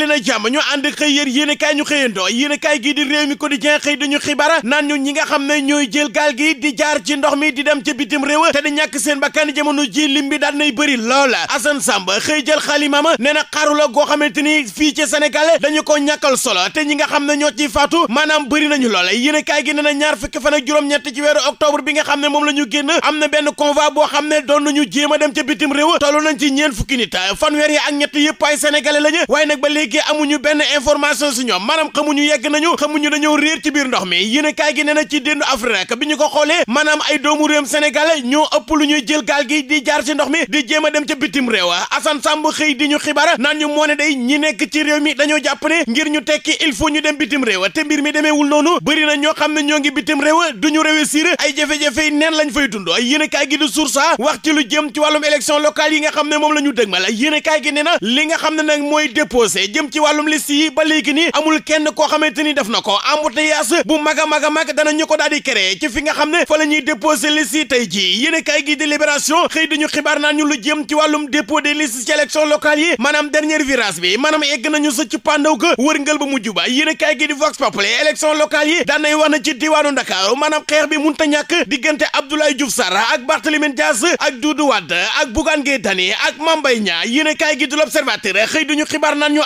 dali na jàmm ñu ànd xëy yér yéen ñu xëyandoo yéen i kaay gii di réew mi quotidien xëy dañu xibaar naan ñu ñi nga xam ne ñooy jël gaal gi di jaar ci ndox mi di dem ca bitim réew te di ñàkk seen ba bakkan jamono ji lim bi daan nay bëri lool Assane Samba xëy jël xalimama nee na xaru goo xamante ni fii ci Sénégal dañu ko ñàkkal solo te ñi nga xam ne ñoo ciy faatu maanaam bëri nañu lool yéen i kaay gi nee na ñaar fukki fan ak juróom-ñett ci weeru octobre bi nga xam ne moom la ñu génn am na benn convoi boo xam ne doon nañu jéem a dem ca bitim réew toll nañ ci ñeen fukki nit fanweer ak ñett yëpp ay sénégalais lañu liggéey amuñu benn information si ñoom maanaam xamuñu yegg nañu xamuñu dañoo réer ci biir ndox mi yéene kaay gi nee na ci déndu Afrique bi ñu ko xoolee maanaam ay doomu réewum Sénégal ñoo ëpp lu ñuy jël gaal gi di jaar ci ndox mi di jéem a dem ca bitim réew Assane Samb xëy di ñu xibaar naan ñu moo ne day ñi nekk ci réew mi dañoo jàpp ne ngir ñu tekki il faut ñu dem bitim réew te mbir mi demeewul noonu bëri na ñoo xam ne ñoo ngi bitim réew du ñu réussir ay jafe-jafe yi neen lañ fay dund yéene kaay gi di source wax ci lu jëm ci wàllum élection locale yi nga xam ne moom la ñu dëgmal yéene kaay gi nee na li nga xam ne nag mooy déposé jëm ci wàllum liste yi ba léegi ni amul kenn koo xamante ni def na ko embouteillage bu mag a mag a mag danañu ko daal di ci fi nga xam ne fa la déposé liste yi tey jii yéen a gi di libération xëy dañu xibaar naan ñu lu jëm ci wàllum dépôt des listes ci élection locale yi maanaam dernier virage bi maanaam egg nañu sa ci pàndaw ga wërngal ba ba yéen a kaay gi di vox populi élection locale yi daan nay wax na ci diwaanu Ndakaaru maanaam xeex bi munta ñàkk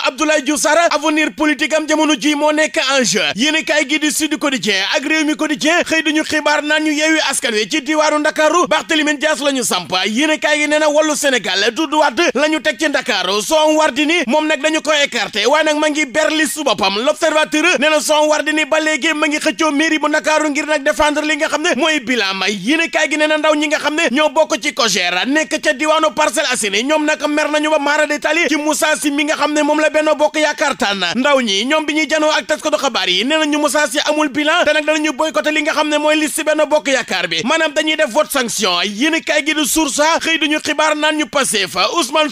a Abdoulaye Diouf Sarr avenir politique am jamono ji moo nekk enjeu yéen kaay gi di Sud Quotidien ak réew mi Quotidien xëy dañu xibaar naan ñu yeewi askan wi ci diwaaru Ndakaaru Barthélémy Dias la ñu samp yéen gi nee na wàllu Sénégal Doudou Wade la teg ci Ndakaaru Soham Wardini moom nag dañu ko écarté waaye nag ma ngi berli su boppam L'Observateur nee na Soham Wardini ba léegi ma ngi xëccoo mairie bu Ndakaaru ngir nag défendre li nga xam ne mooy bilan yéen kaay Benno Bokk Yaakaar tànn ndaw ñi ñoom bi ñuy janoo ak taskatu xabaar yi nee nañu Moussa Sy amul bilan te nag danañu boycotté li nga xam ne mooy liste Benno Bokk Yaakaar bi maanaam dañuy def vote sanction yéen kay gi du source xëy xibaar naan ñu passé fa Ousmane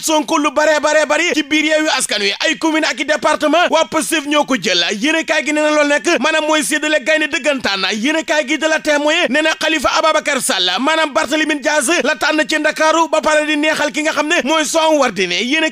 bare bare bari ci biir yeewu askan ay commune ak i département waa Pastef ñoo ko jël yéen kay gi nee na loolu nekk maanaam mooy séddale gaynde dëggantaan yéen la témoin na Khalifa Ababacar Sall maanaam ba pare di neexal ki nga xam ne mooy Soham Wardini yéen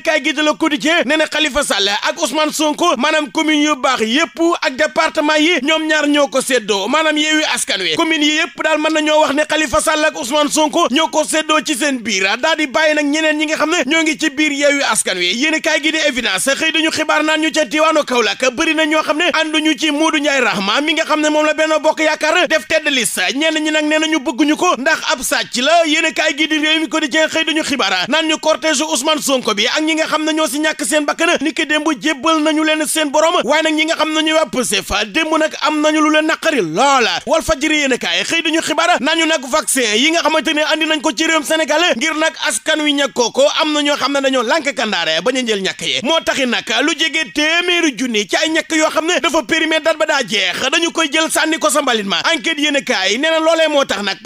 ak Ousmane Sonko maanaam commune yu baax yépp ak département yi ñoom ñaar ñoo ko séddoo maanaam yeewi askan wi commune yi yépp daal mën na ñoo wax ne Khalifa Sall ak Ousmane Sonko ñoo ko séddoo ci seen biir a di bàyyi nag ñeneen ñi nga xam ne ñoo ngi ci biir yeewi askan wi yéen kaay gi di évidence xëy dañu xibaar naan ñu ca diwaanu Kaolack bëri na ñoo xam ne ànduñu ci Modou Ndiaye Rahma mi nga xam ne moom la Benno Bokk Yaakaar def tedd liste ñenn ñi nag nee nañu bëgguñu ko ndax ab sàcc la yéen kaay gi di xëy dañu xibaar naan ñu cortège Ousmane Sonko bi ak ñi nga xam ne ñoo ñàkk seen bakkan ni ki jébbal nañu leen seen borom waaye nag ñi nga xam ne ñuy waa Pastef démb nag am nañu lu leen naqari loola Walf Fadjri kaay xëy dañu xibaar nañu nag vaccin yi nga xamante andi nañ ko ci réewum ngir nag askan wi ñàkkoo ko am na xam ne dañoo lànk kandaare bañ a jël ñàkk yi moo taxi nag lu jege téeméeri junni ci ay ñàkk yoo xam ne dafa périmé dat ba daa jeex dañu koy jël sànni ko sa mbalit ma enquête yéen kaay nee na loolee moo tax nag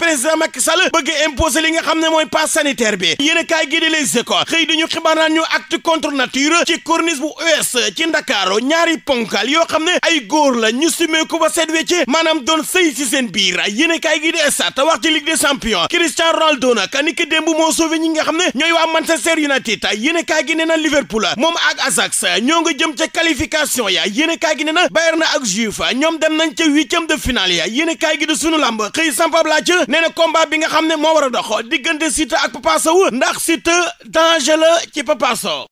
bees ci ndakaaru ñaari ponkal yoo xam ne ay góor la ñu simeeku ba seet wecce maanaam doon sëy si seen biir yéene kaay gi di estat wax ci ligue des champions Cristiano Ronaldo nag ni ki démb moo sauvé ñi nga xam ne ñooy waa Manchester United yéene kaay gi nee na Liverpool moom ak Ajax ñoo nga jëm ca qualification ya yéene kaay gi nee na Bayern ak Juve ñoom dem nañ ca de finale ya yéene kaay gi di na combat bi nga xam ne moo war a dox diggante Siteu ak Papa Sow ndax Siteu danger